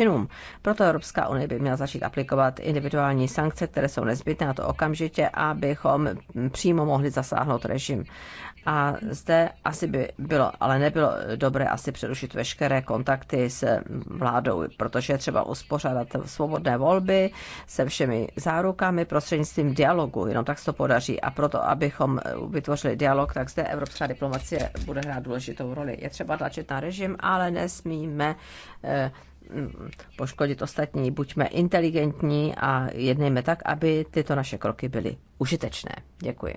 činům. Proto Evropská unie by měla začít aplikovat individuální sankce, které jsou nezbytné, a to okamžitě, abychom přímo mohli zasáhnout režim. A zde asi by bylo, ale nebylo dobré asi přerušit veškeré kontakty s vládou, protože je třeba uspořádat svobodné volby se všemi zárukami prostřednictvím dialogu. Jenom tak se to podaří. A proto, abychom vytvořili dialog, tak zde evropská diplomacie bude hrát důležitou roli. Je třeba tlačit na režim, ale nesmíme eh, poškodit ostatní. Buďme inteligentní a jednejme tak, aby tyto naše kroky byly užitečné. Děkuji.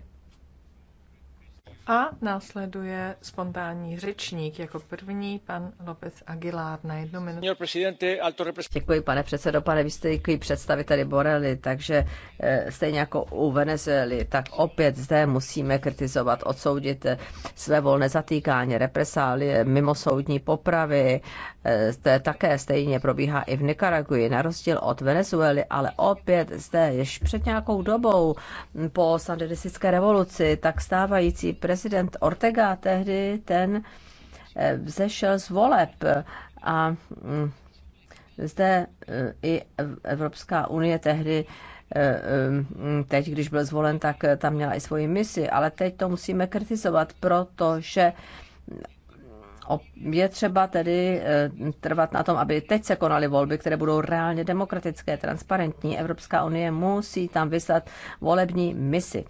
A následuje spontánní řečník. Jako první pan López Aguilar na jednu minutu. Děkuji, pane předsedo, pane vystejkují představiteli Borely, takže eh, stejně jako u Venezuely, tak opět zde musíme kritizovat, odsoudit eh, své volné zatýkání, represálie, mimosoudní popravy. To eh, je také stejně probíhá i v Nikaraguji, na rozdíl od Venezuely, ale opět zde, ještě před nějakou dobou po sandinistické revoluci, tak stávající prezident prezident Ortega tehdy ten eh, vzešel z voleb a mm, zde eh, i Evropská unie tehdy eh, teď, když byl zvolen, tak tam měla i svoji misi, ale teď to musíme kritizovat, protože mm, je třeba tedy trvat na tom, aby teď se konaly volby, které budou reálně demokratické, transparentní. Evropská unie musí tam vyslat volební misi.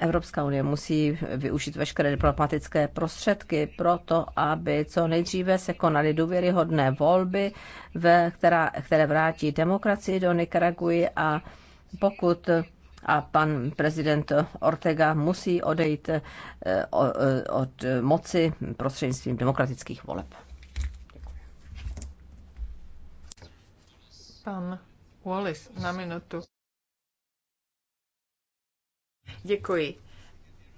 Evropská unie musí využít veškeré diplomatické prostředky pro to, aby co nejdříve se konaly důvěryhodné volby, ve, která, které vrátí demokracii do Nikaraguji a pokud a pan prezident Ortega musí odejít eh, eh, od moci prostřednictvím demokratických voleb. Pan Wallis na minutu. Děkuji.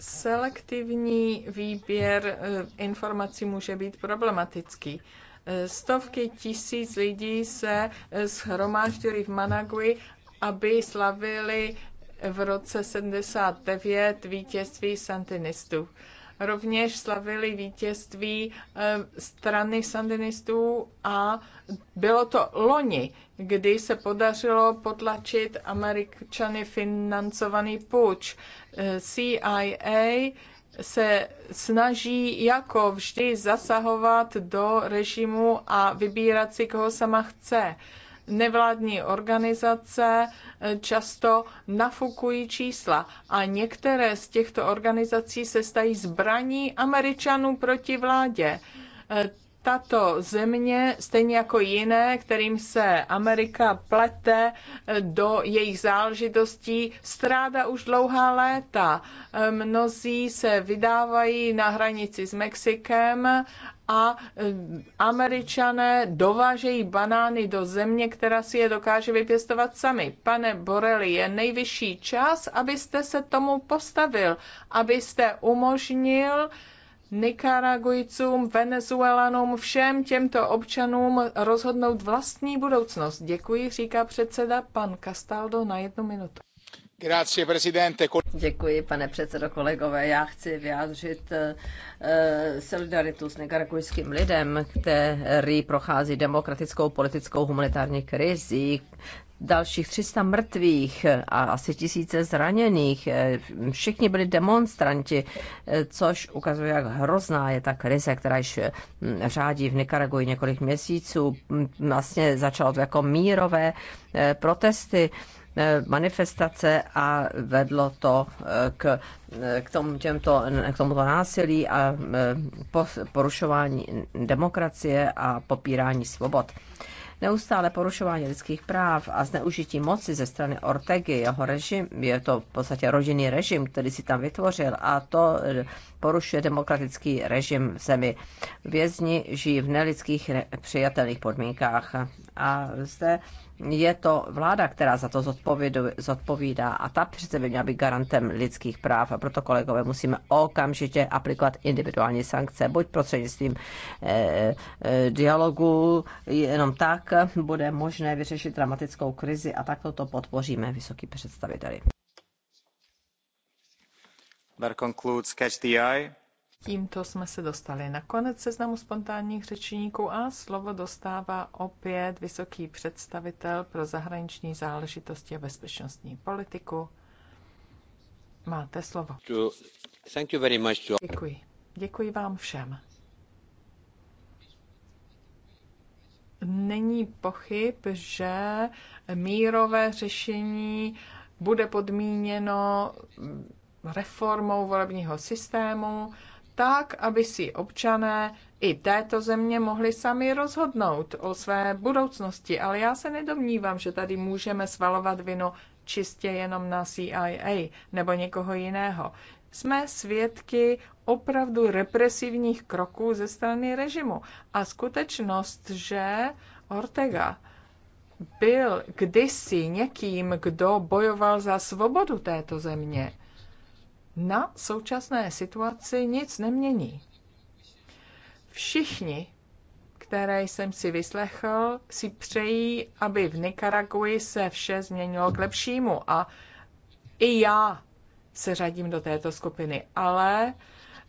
Selektivní výběr eh, informací může být problematický. Eh, stovky tisíc lidí se eh, schromáždili v Managui, aby slavili v roce 79 vítězství santinistů rovněž slavili vítězství eh, strany sandinistů a bylo to loni, kdy se podařilo potlačit američany financovaný půjč. Eh, CIA se snaží jako vždy zasahovat do režimu a vybírat si, koho sama chce nevládní organizace eh, často nafukují čísla a některé z těchto organizací se stají zbraní Američanů proti vládě. Eh, tato země, stejně jako jiné, kterým se Amerika plete eh, do jejich záležitostí, stráda už dlouhá léta. Mnozí se vydávají na hranici s Mexikem a e, američané dovážejí banány do země, která si je dokáže vypěstovat sami. Pane Borelli, je nejvyšší čas, abyste se tomu postavil, abyste umožnil Nikaragujcům, Venezuelanům, všem těmto občanům rozhodnout vlastní budoucnost. Děkuji, říká předseda pan Castaldo na jednu minutu. Děkuji, pane předsedo, kolegové. Já chci vyjádřit eh, solidaritu s nikaragujským lidem, který prochází demokratickou, politickou, humanitární krizí. Dalších 300 mrtvých a asi tisíce zraněných. Eh, všichni byli demonstranti, eh, což ukazuje, jak hrozná je ta krize, která již mm, řádí v Nikaraguji několik měsíců. Mm, vlastně začalo to jako mírové protesty Eh, manifestace a vedlo to eh, k, eh, k, tom, těmto, k tomuto násilí a porušování demokracie a popírání svobod. Neustále porušování lidských práv a zneužití moci ze strany Ortegy, jeho režim, je to v podstatě rodinný režim, který si tam vytvořil a to porušuje demokratický režim v zemi. Vězni žijí v nelidských přijatelných podmínkách a zde je to vláda, která za to zodpovídá a ta přece by měla být garantem lidských práv a proto kolegové musíme okamžitě aplikovat individuální sankce, buď prostřednictvím eh, eh, dialogu, jenom tak bude možné vyřešit dramatickou krizi a takto to podpoříme vysoký představiteli. That concludes Catch the Eye. Tímto jsme se dostali na konec seznamu spontánních řečníků a slovo dostává opět vysoký představitel pro zahraniční záležitosti a bezpečnostní politiku. Máte slovo. Děkuji. Děkuji vám všem. Není pochyb, že mírové řešení bude podmíněno reformou volebního systému, tak, aby si občané i této země mohli sami rozhodnout o své budoucnosti. Ale já se nedomnívám, že tady můžeme svalovat vinu čistě jenom na CIA nebo někoho jiného. Jsme svědky opravdu represivních kroků ze strany režimu. A skutečnost, že Ortega byl kdysi někým, kdo bojoval za svobodu této země, na současné situaci nic nemění. Všichni, které jsem si vyslechl, si přejí, aby v Nikaraguji se vše změnilo k lepšímu a i já se řadím do této skupiny, ale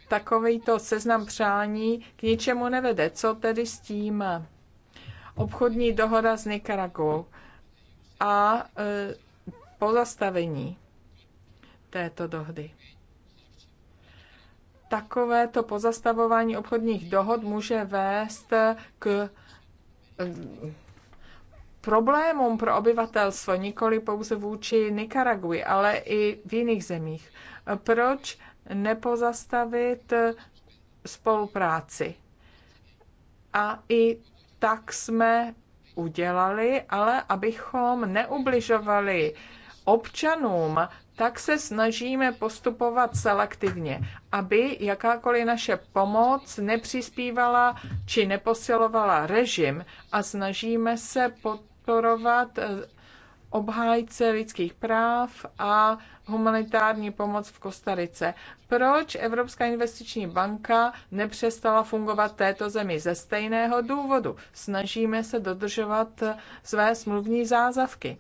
takovýto seznam přání k ničemu nevede. Co tedy s tím? Obchodní dohoda s Nikaragou a e, pozastavení této dohody takovéto pozastavování obchodních dohod může vést k eh, problémům pro obyvatelstvo, nikoli pouze vůči Nikaragui, ale i v jiných zemích. Proč nepozastavit spolupráci? A i tak jsme udělali, ale abychom neubližovali občanům, tak se snažíme postupovat selektivně, aby jakákoliv naše pomoc nepřispívala či neposilovala režim a snažíme se podporovat eh, obhájce lidských práv a humanitární pomoc v Kostarice. Proč Evropská investiční banka nepřestala fungovat této zemi? Ze stejného důvodu. Snažíme se dodržovat své smluvní zázavky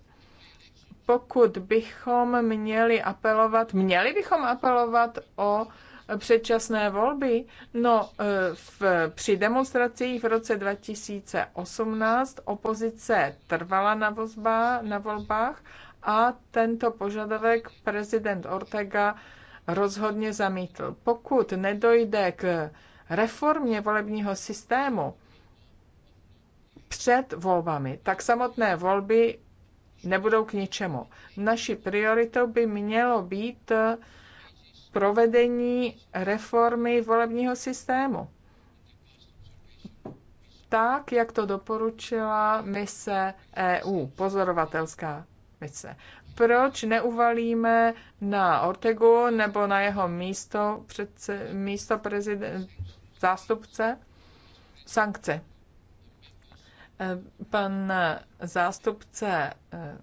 pokud bychom měli apelovat, měli bychom apelovat o předčasné volby? No, e, v, při demonstracích v roce 2018 opozice trvala na, vozba, na volbách a tento požadavek prezident Ortega rozhodně zamítl. Pokud nedojde k reformě volebního systému před volbami, tak samotné volby nebudou k ničemu. Naší prioritou by mělo být provedení reformy volebního systému. Tak, jak to doporučila mise EU, pozorovatelská mise. Proč neuvalíme na Ortegu nebo na jeho místo, předse, místo prezident, zástupce sankce? pan zástupce eh,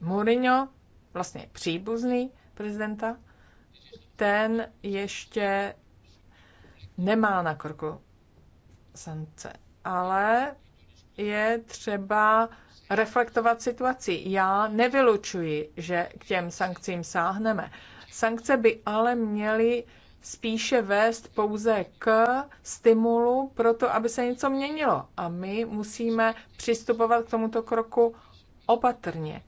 Mourinho, vlastně příbuzný prezidenta, ten ještě nemá na krku sankce, ale je třeba reflektovat situaci. Já nevylučuji, že k těm sankcím sáhneme. Sankce by ale měly spíše vést pouze k stimulu pro to, aby se něco měnilo. A my musíme přistupovat k tomuto kroku opatrně.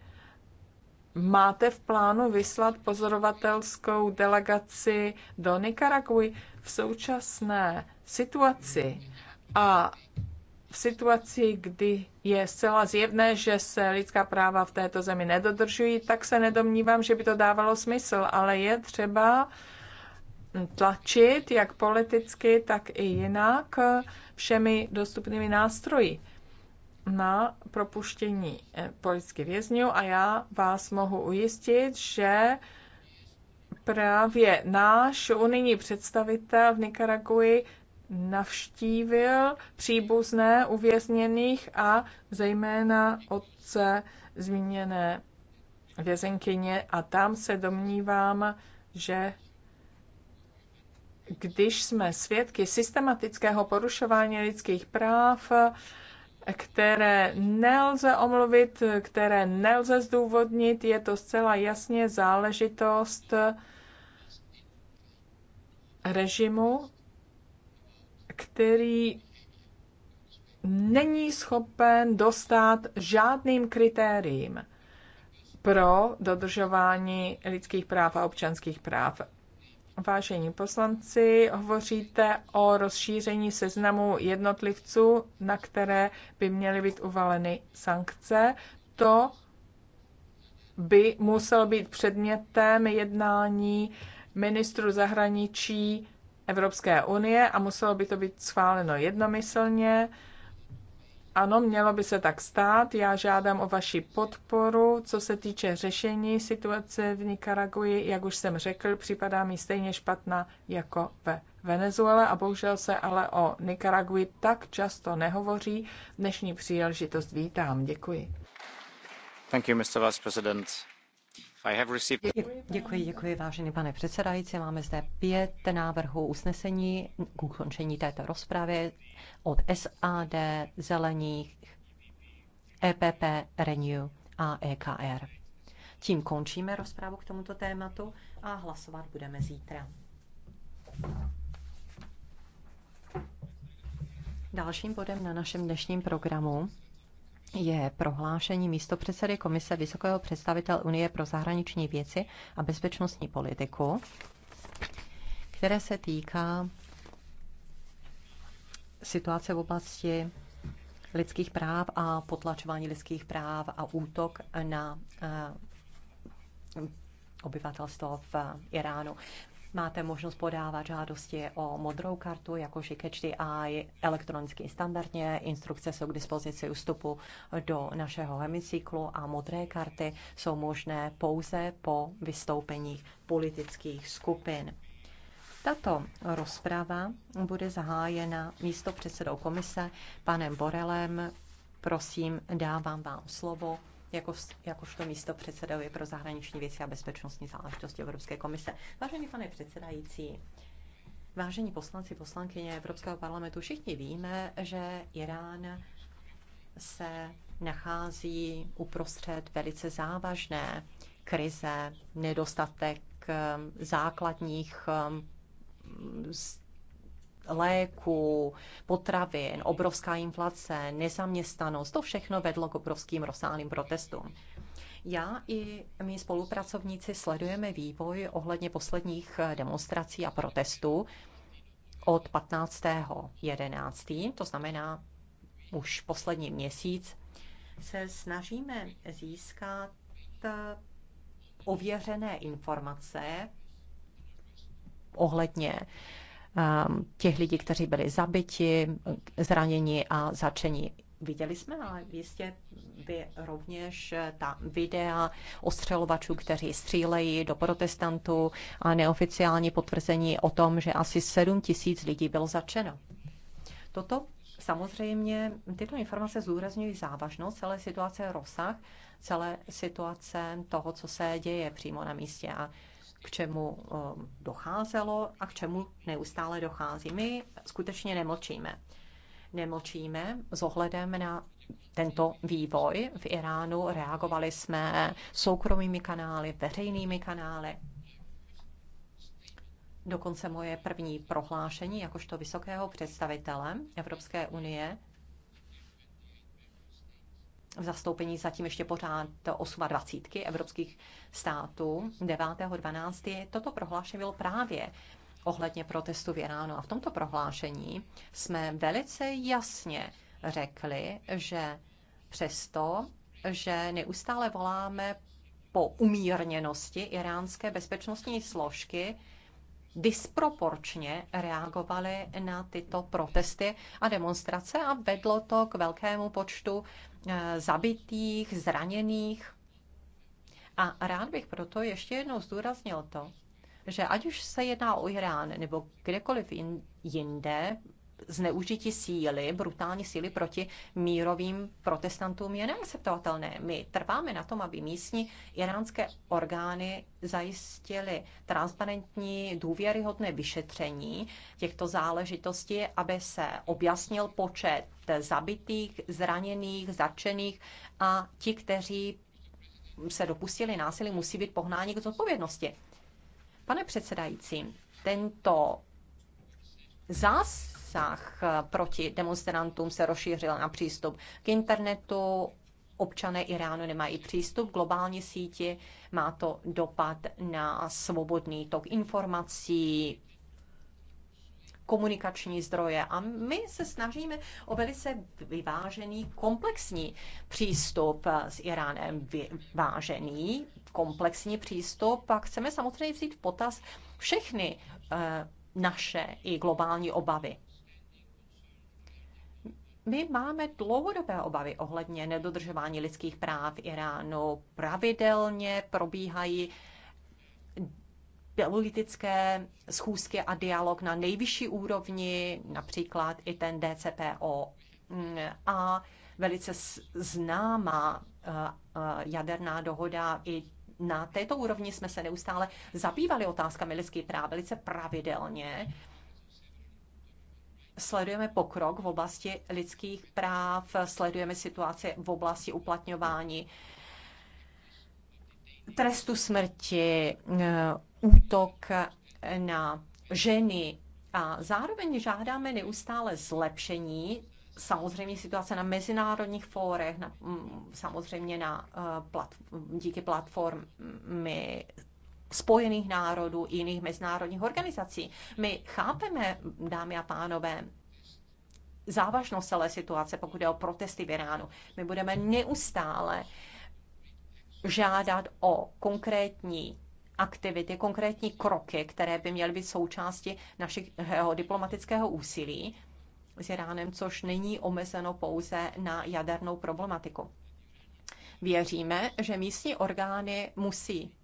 Máte v plánu vyslat pozorovatelskou delegaci do Nikaraguji v současné situaci a v situaci, kdy je zcela zjevné, že se lidská práva v této zemi nedodržují, tak se nedomnívám, že by to dávalo smysl, ale je třeba tlačit, jak politicky, tak i jinak, všemi dostupnými nástroji na propuštění eh, politických vězňů a já vás mohu ujistit, že právě náš unijní představitel v Nikaraguji navštívil příbuzné uvězněných a zejména otce zmíněné vězenkyně a tam se domnívám, že když jsme svědky systematického porušování lidských práv, které nelze omluvit, které nelze zdůvodnit, je to zcela jasně záležitost režimu, který není schopen dostat žádným kritériím pro dodržování lidských práv a občanských práv. Vážení poslanci, hovoříte o rozšíření seznamu jednotlivců, na které by měly být uvaleny sankce. To by muselo být předmětem jednání ministru zahraničí Evropské unie a muselo by to být schváleno jednomyslně. Ano, mělo by se tak stát. Já žádám o vaši podporu. Co se týče řešení situace v Nikaraguji, jak už jsem řekl, připadá mi stejně špatná jako ve Venezuele a bohužel se ale o Nikaraguji tak často nehovoří. Dnešní příležitost vítám. Děkuji. Thank you, Mr. Vice President. Děkuji, děkuji, vážený pane předsedající. Máme zde pět návrhů usnesení k ukončení této rozpravy od SAD, Zelených, EPP, Renew a EKR. Tím končíme rozpravu k tomuto tématu a hlasovat budeme zítra. Dalším bodem na našem dnešním programu je prohlášení místo předsedy Komise Vysokého představitel Unie pro zahraniční věci a bezpečnostní politiku, které se týká situace v oblasti lidských práv a potlačování lidských práv a útok na eh, obyvatelstvo v Iránu máte možnost podávat žádosti o modrou kartu, jakož i Catch the Eye elektronicky standardně. Instrukce jsou k dispozici ústupu do našeho hemicyklu a modré karty jsou možné pouze po vystoupeních politických skupin. Tato rozprava bude zahájena místo předsedou komise panem Borelem. Prosím, dávám vám slovo jako, jakožto místo předsedovi pro zahraniční věci a bezpečnostní záležitosti Evropské komise. Vážený pane předsedající, vážení poslanci, poslankyně Evropského parlamentu, všichni víme, že Irán se nachází uprostřed velice závažné krize, nedostatek um, základních um, léku, potravin, obrovská inflace, nezaměstnanost, to všechno vedlo k obrovským rozsáhlým protestům. Já i mý spolupracovníci sledujeme vývoj ohledně posledních eh, demonstrací a protestů od 15.11., to znamená už poslední měsíc, se snažíme získat eh, ověřené informace ohledně Ehm, těch lidí, kteří byli zabiti, zraněni a začeni. Viděli jsme ale jistě by rovněž eh, ta videa ostřelovačů, kteří střílejí do protestantů a neoficiální potvrzení o tom, že asi 7 tisíc lidí bylo začeno. Toto samozřejmě, tyto informace zúraznují závažnost celé situace, rozsah celé situace toho, co se děje přímo na místě. A k čemu eh, docházelo a k čemu neustále dochází. My skutečně nemlčíme. Nemlčíme s ohledem na tento vývoj v Iránu. Reagovali jsme soukromými kanály, veřejnými kanály. Dokonce moje první prohlášení jakožto vysokého představitele Evropské unie v zastoupení zatím ještě pořád 28 evropských států. 9.12. toto prohlášení bylo právě ohledně protestu v Iránu. A v tomto prohlášení jsme velice jasně řekli, že přesto, že neustále voláme po umírněnosti iránské bezpečnostní složky, disproporčně reagovaly na tyto protesty a demonstrace a vedlo to k velkému počtu Eh, zabitých, zraněných. A rád bych proto ještě jednou zdůraznil to, že ať už se jedná o Irán nebo kdekoliv jinde zneužití síly, brutální síly proti mírovým protestantům je neakceptovatelné. My trváme na tom, aby místní iránské orgány zajistily transparentní, důvěryhodné vyšetření těchto záležitostí, aby se objasnil počet zabitých, zraněných, zatčených a ti, kteří se dopustili násilí, musí být pohnáni k zodpovědnosti. Pane předsedající, tento zás zásah eh, proti demonstrantům se rozšířil na přístup k internetu. Občané Iránu nemají přístup k globální síti, má to dopad na svobodný tok informací, komunikační zdroje. A my se snažíme o velice vyvážený, komplexní přístup s Iránem. Vyvážený, komplexní přístup a chceme samozřejmě vzít v potaz všechny eh, naše i globální obavy. My máme dlouhodobé obavy ohledně nedodržování lidských práv Iránu. Pravidelně probíhají politické schůzky a dialog na nejvyšší úrovni, například i ten DCPO. A velice známá eh, eh, jaderná dohoda i na této úrovni jsme se neustále zabývali otázkami lidských práv velice pravidelně sledujeme pokrok v oblasti lidských práv, sledujeme situaci v oblasti uplatňování trestu smrti, eh, útok na ženy a zároveň žádáme neustále zlepšení samozřejmě situace na mezinárodních fórech, na, mm, samozřejmě na, eh, díky platformy Spojených národů, jiných mezinárodních organizací. My chápeme, dámy a pánové, závažnost celé situace, pokud je o protesty v Iránu. My budeme neustále žádat o konkrétní aktivity, konkrétní kroky, které by měly být součástí našeho diplomatického úsilí s Iránem, což není omezeno pouze na jadernou problematiku. Věříme, že místní orgány musí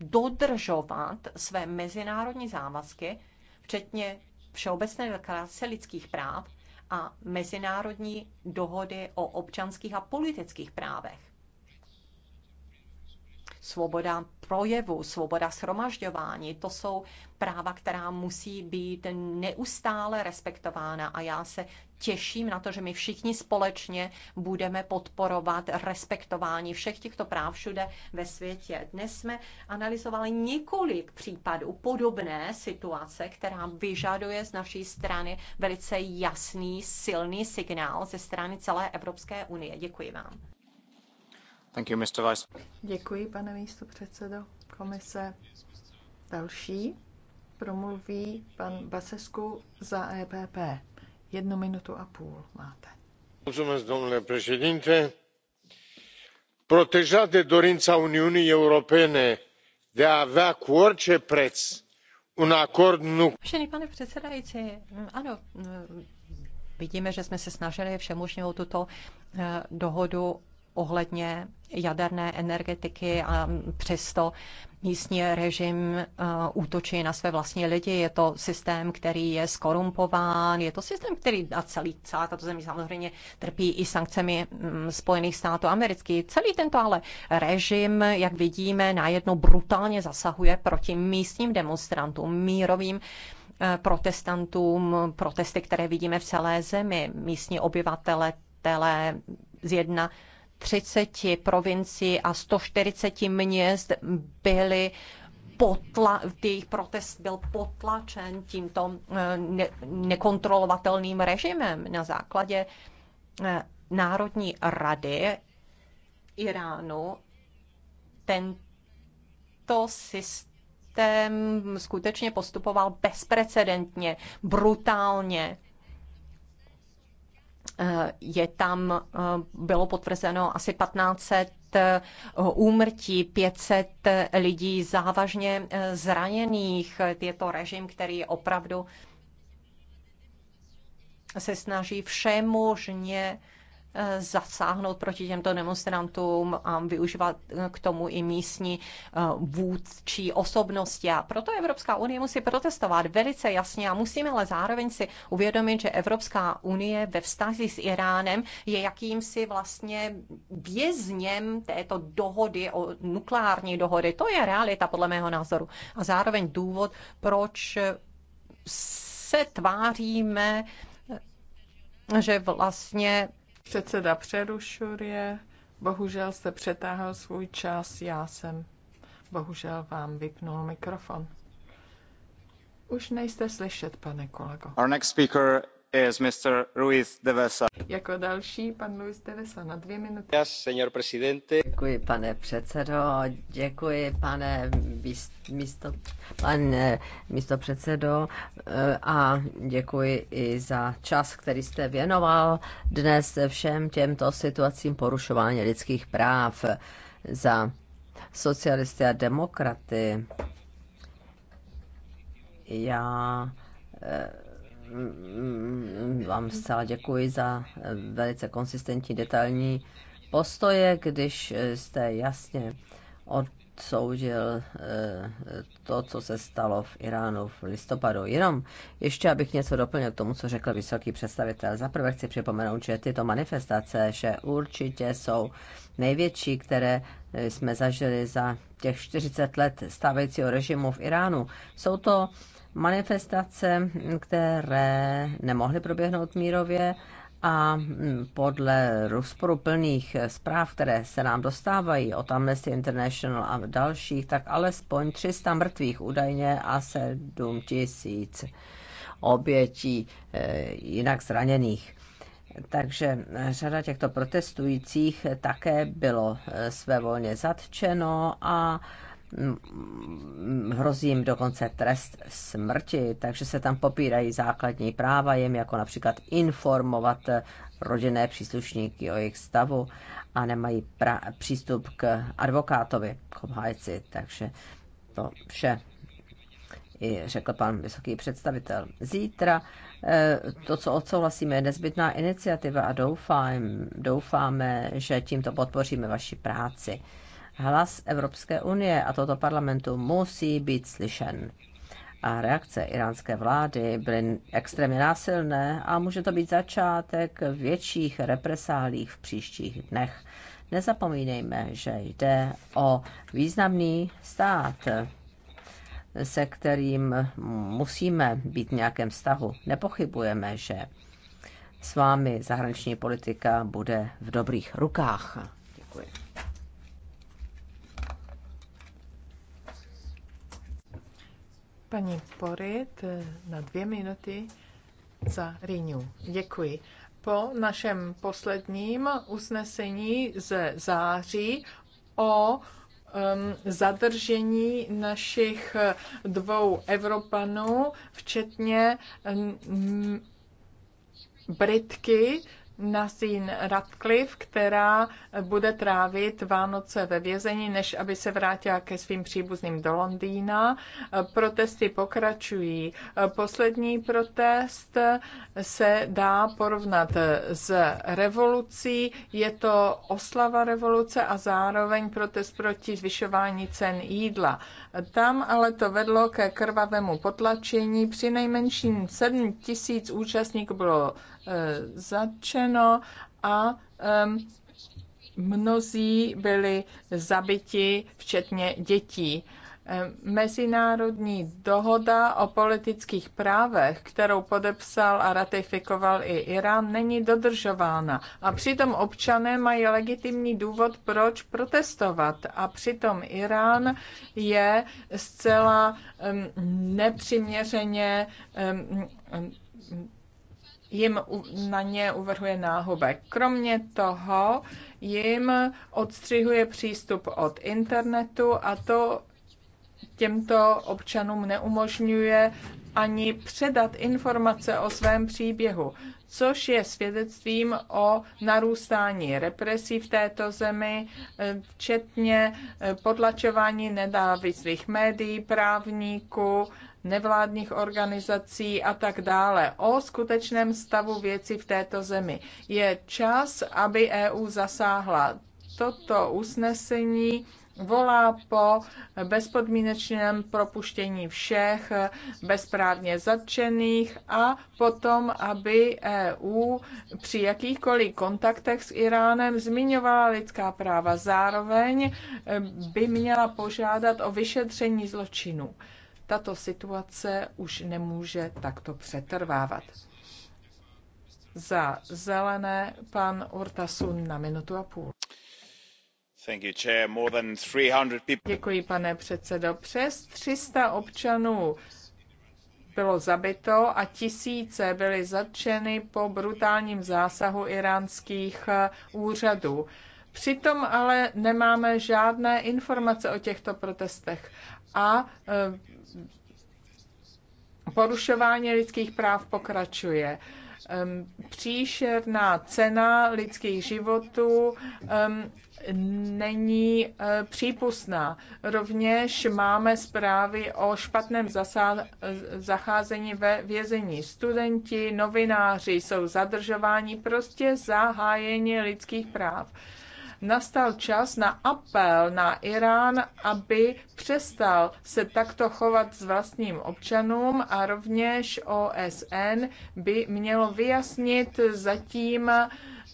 dodržovat své mezinárodní závazky, včetně Všeobecné deklarace lidských práv a Mezinárodní dohody o občanských a politických právech svoboda projevu, svoboda shromažďování. To jsou práva, která musí být neustále respektována a já se těším na to, že my všichni společně budeme podporovat respektování všech těchto práv všude ve světě. Dnes jsme analyzovali několik případů podobné situace, která vyžaduje z naší strany velice jasný, silný signál ze strany celé Evropské unie. Děkuji vám. Děkuji, pane místo předsedo komise. Další promluví pan Basescu za EPP. Jednu minutu a půl máte. Domnule președinte, protejat de dorința Uniunii Europene de a avea cu orice preț un acord Vážený pane předsedající, ano, vidíme, že jsme se snažili všemožnou tuto e, dohodu ohledně jaderné energetiky a přesto místní režim eh, útočí na své vlastní lidi. Je to systém, který je skorumpován, je to systém, který a celý, celá tato země samozřejmě trpí i sankcemi mm, Spojených států amerických. Celý tento ale režim, jak vidíme, najednou brutálně zasahuje proti místním demonstrantům, mírovým eh, protestantům, protesty, které vidíme v celé zemi. Místní obyvatele, jedna 30 provincií a 140 měst byly potla, jejich protest byl potlačen tímto eh, ne, nekontrolovatelným režimem na základě eh, Národní rady Iránu. Tento systém skutečně postupoval bezprecedentně, brutálně Eh, je tam, eh, bylo potvrzeno asi 1500 eh, úmrtí, 500 lidí závažně zraněných. Je to režim, který opravdu se snaží všemožně Eh, zasáhnout proti těmto demonstrantům a využívat eh, k tomu i místní eh, vůdčí osobnosti. A proto Evropská unie musí protestovat velice jasně a musíme ale zároveň si uvědomit, že Evropská unie ve vztazí s Iránem je jakýmsi vlastně vězněm této dohody o nukleární dohody. To je realita podle mého názoru. A zároveň důvod, proč se tváříme, že vlastně Předseda přerušuje. Bohužel jste přetáhl svůj čas. Já jsem bohužel vám vypnul mikrofon. Už nejste slyšet, pane kolego. Our next speaker jako další pan Luis de Vesa na dvě minuty. señor presidente. Děkuji, pane předsedo, děkuji, pane místo, pane eh, místo předsedo eh, a děkuji i za čas, který jste věnoval dnes všem těmto situacím porušování lidských práv za socialisty a demokraty. Já eh, vám zcela děkuji za velice konsistentní, detailní postoje, když jste jasně odsoudil eh, to, co se stalo v Iránu v listopadu. Jenom ještě, abych něco doplnil k tomu, co řekl vysoký představitel. Zaprvé chci připomenout, že tyto manifestace, že určitě jsou největší, které eh, jsme zažili za těch 40 let stávajícího režimu v Iránu. Jsou to manifestace, které nemohly proběhnout mírově a podle rozporuplných zpráv, které se nám dostávají od Amnesty International a dalších, tak alespoň 300 mrtvých údajně a 7 tisíc obětí eh, jinak zraněných. Takže řada těchto protestujících také bylo eh, svévolně zatčeno a hrozí jim dokonce trest smrti, takže se tam popírají základní práva, jim jako například informovat rodinné příslušníky o jejich stavu a nemají přístup k advokátovi, k obhájci, takže to vše i řekl pan vysoký představitel. Zítra eh, to, co odsouhlasíme, je nezbytná iniciativa a doufám, doufáme, že tímto podpoříme vaši práci. Hlas Evropské unie a tohoto parlamentu musí být slyšen. A reakce iránské vlády byly extrémně násilné a může to být začátek větších represálí v příštích dnech. Nezapomínejme, že jde o významný stát, se kterým musíme být v nějakém vztahu. Nepochybujeme, že s vámi zahraniční politika bude v dobrých rukách. Děkuji. Paní Porit eh, na dvě minuty za Renew. Děkuji. Po našem posledním usnesení ze září o um, zadržení našich eh, dvou Evropanů, včetně um, Britky, Nasín Radcliffe, která bude trávit Vánoce ve vězení, než aby se vrátila ke svým příbuzným do Londýna. Protesty pokračují. Poslední protest se dá porovnat s revolucí. Je to oslava revoluce a zároveň protest proti zvyšování cen jídla. Tam ale to vedlo ke krvavému potlačení. Při nejmenším 7 tisíc účastníků bylo e, zatčeno a mnozí byli zabiti, včetně dětí. Eh, mezinárodní dohoda o politických právech, kterou podepsal a ratifikoval i Irán, není dodržována. A přitom občané mají legitimní důvod, proč protestovat. A přitom Irán je zcela nepřiměřeně jim na ně uvrhuje náhubek. Kromě toho jim odstřihuje přístup od internetu a to těmto občanům neumožňuje ani předat informace o svém příběhu, což je svědectvím o narůstání represí v této zemi, včetně eh, potlačování nedávislých médií, právníků, nevládních organizací a tak dále o skutečném stavu věci v této zemi. Je čas, aby EU zasáhla. Toto usnesení volá po bezpodmínečném propuštění všech bezprávně zatčených a potom, aby EU při jakýchkoliv kontaktech s Iránem zmiňovala lidská práva. Zároveň by měla požádat o vyšetření zločinu. Tato situace už nemůže takto přetrvávat. Za zelené pan Urtasun na minutu a půl. Děkuji, pane předsedající Přes 300 občanů bylo zabito a tisíce byly zatčeny po brutálním zásahu iránských eh, úřadů. Přitom ale nemáme žádné informace o těchto protestech a eh, porušování lidských práv pokračuje ehm, příšerná cena lidských životů ehm, není eh, přípustná. Rovněž máme zprávy o špatném zacházení ve vězení. Studenti, novináři jsou zadržováni prostě za hájení lidských práv nastal čas na apel na Irán, aby přestal se takto chovat s vlastním občanům a rovněž OSN by mělo vyjasnit zatím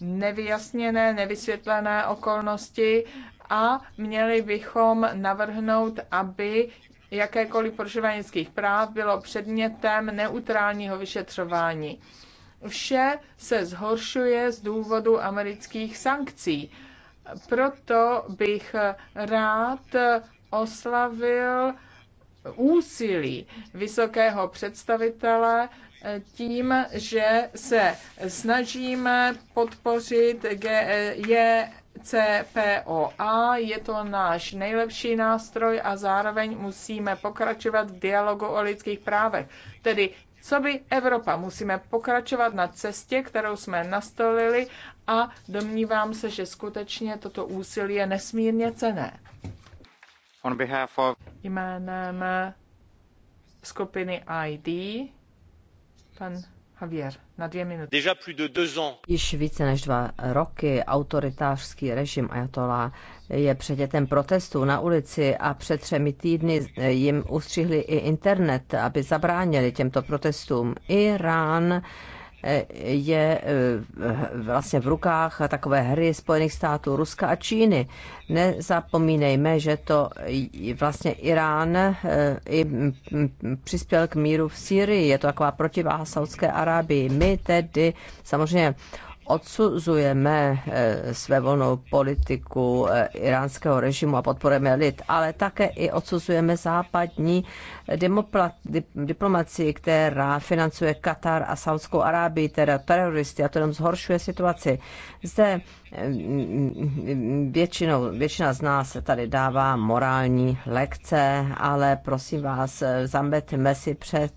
nevyjasněné, nevysvětlené okolnosti a měli bychom navrhnout, aby jakékoliv porušování lidských práv bylo předmětem neutrálního vyšetřování. Vše se zhoršuje z důvodu amerických sankcí. Proto bych rád oslavil úsilí vysokého představitele tím, že se snažíme podpořit GE, CPOA. Je to náš nejlepší nástroj a zároveň musíme pokračovat v dialogu o lidských právech. Tedy co by Evropa? Musíme pokračovat na cestě, kterou jsme nastolili a domnívám se, že skutečně toto úsilí je nesmírně cené. On behalf of... Jménem skupiny ID Pan Javier, na dvě minuty. Již více než dva roky autoritářský režim Ayatollah je předětem protestů na ulici a před třemi týdny jim ustřihli i internet, aby zabránili těmto protestům. Irán je eh, vlastně v rukách takové hry Spojených států, Ruska a Číny. Nezapomínejme, že to vlastně Irán eh, i přispěl k míru v Sýrii. Je to taková protiváha Saudské Arábii. My tedy samozřejmě odsuzujeme eh, svévolnou politiku eh, iránského režimu a podporujeme lid, ale také i odsuzujeme západní eh, diplomacii, která financuje Katar a Saudskou Arábii, teda teroristy, a to jenom zhoršuje situaci. Zde většinou, většina z nás tady dává morální lekce, ale prosím vás, zametme si před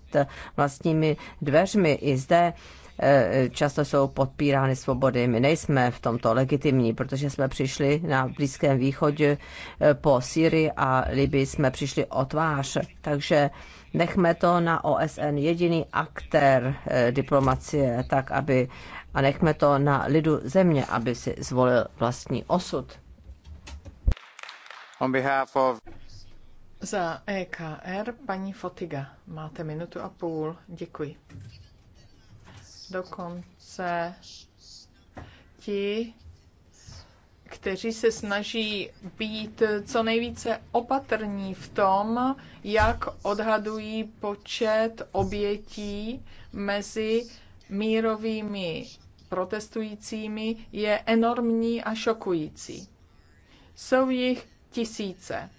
vlastními dveřmi i zde Eh, často jsou podpírány svobody. My nejsme v tomto legitimní, protože jsme přišli na Blízkém východě eh, po Syrii a Libii jsme přišli o tvář. Takže nechme to na OSN jediný aktér eh, diplomacie, tak aby a nechme to na lidu země, aby si zvolil vlastní osud. On behalf of... Za EKR paní Fotiga máte minutu a půl. Děkuji dokonce ti, kteří se snaží být co nejvíce opatrní v tom, jak odhadují počet obětí mezi mírovými protestujícími, je enormní a šokující. Jsou jich tisíce.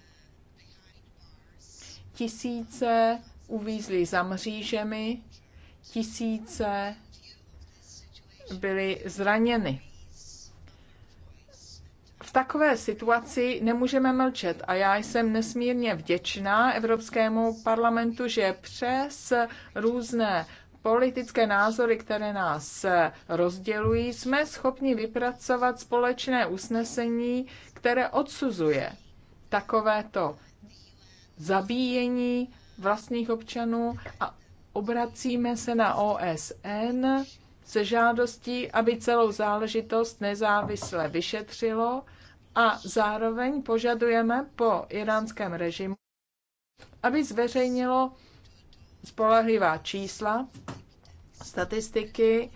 Tisíce uvízli za mřížemi, tisíce byly zraněny. V takové situaci nemůžeme mlčet a já jsem nesmírně vděčná Evropskému parlamentu, že přes různé politické názory, které nás rozdělují, jsme schopni vypracovat společné usnesení, které odsuzuje takovéto zabíjení vlastních občanů a obracíme se na OSN se žádostí, aby celou záležitost nezávisle vyšetřilo a zároveň požadujeme po iránském režimu, aby zveřejnilo spolehlivá čísla, statistiky,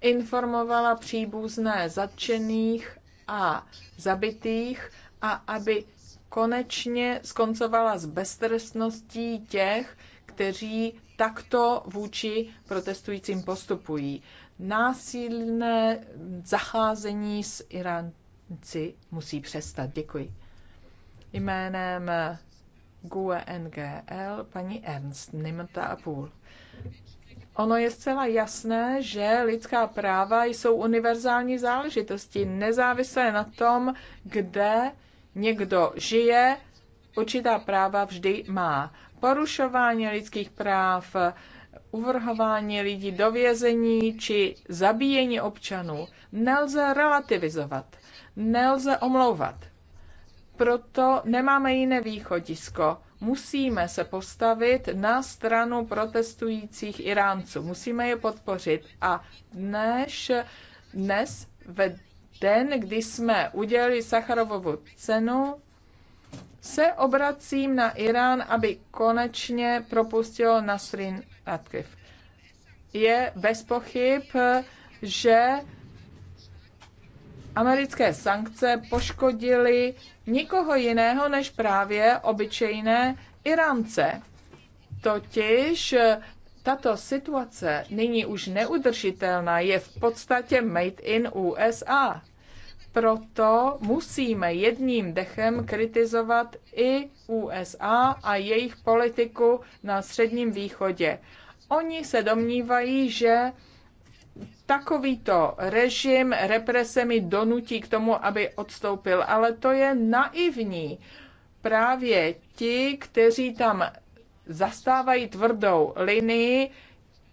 informovala příbuzné zatčených a zabitých a aby konečně skoncovala s beztrestností těch, kteří takto vůči protestujícím postupují. Násilné zacházení s Iránci musí přestat. Děkuji. Jménem GUE NGL paní Ernst, Nimta a půl. Ono je zcela jasné, že lidská práva jsou univerzální záležitosti, nezávisle na tom, kde někdo žije, určitá práva vždy má. Porušování lidských práv, uvrhování lidí do vězení či zabíjení občanů nelze relativizovat, nelze omlouvat. Proto nemáme jiné východisko. Musíme se postavit na stranu protestujících Iránců. Musíme je podpořit. A dnes, dnes ve den, kdy jsme udělili Sacharovovu cenu, se obracím na Irán, aby konečně propustil Nasrin Radcliffe. Je bez pochyb, že americké sankce poškodily nikoho jiného než právě obyčejné Iránce. Totiž tato situace nyní už neudržitelná je v podstatě made in USA. Proto musíme jedním dechem kritizovat i USA a jejich politiku na Středním východě. Oni se domnívají, že takovýto režim represemi donutí k tomu, aby odstoupil, ale to je naivní. Právě ti, kteří tam zastávají tvrdou linii,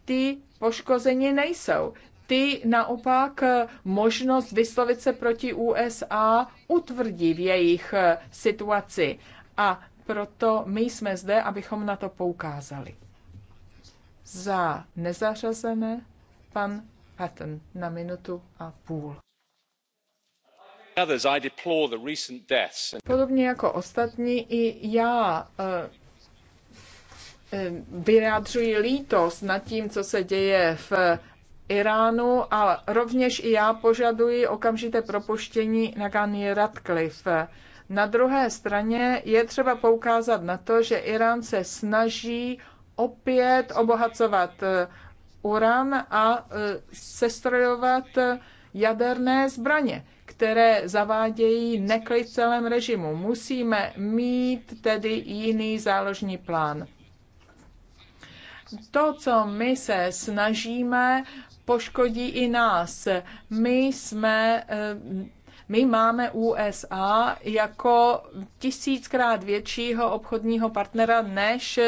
ty poškození nejsou ty naopak eh, možnost vyslovit se proti USA utvrdí v jejich eh, situaci. A proto my jsme zde, abychom na to poukázali. Za nezařazené pan Patton na minutu a půl. Podobně jako ostatní, i já eh, vyjádřuji lítost nad tím, co se děje v Iránu a rovněž i já požaduji okamžité propuštění Nagani Radcliffe. Na druhé straně je třeba poukázat na to, že Irán se snaží opět obohacovat eh, uran a eh, sestrojovat jaderné zbraně, které zavádějí neklid v celém režimu. Musíme mít tedy jiný záložní plán. To, co my se snažíme poškodí i nás. My jsme eh, my máme USA jako tisíckrát většího obchodního partnera, než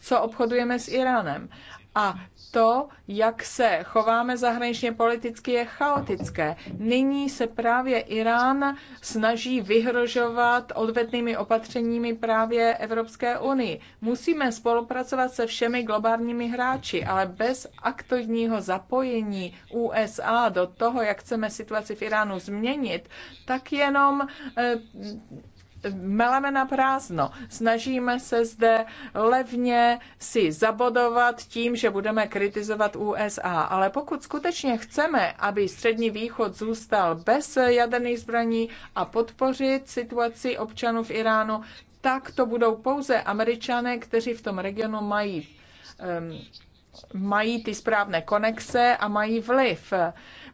co obchodujeme s Iránem. A to, jak se chováme zahraničně politicky, je chaotické. Nyní se právě Irán snaží vyhrožovat odvetnými opatřeními právě Evropské unii. Musíme spolupracovat se všemi globálními hráči, ale bez aktivního zapojení USA do toho, jak chceme situaci v Iránu změnit, tak jenom eh, meleme na prázdno. Snažíme se zde levně si zabodovat tím, že budeme kritizovat USA. Ale pokud skutečně chceme, aby Střední východ zůstal bez jaderných zbraní a podpořit situaci občanů v Iránu, tak to budou pouze američané, kteří v tom regionu mají um, mají ty správné konexe a mají vliv.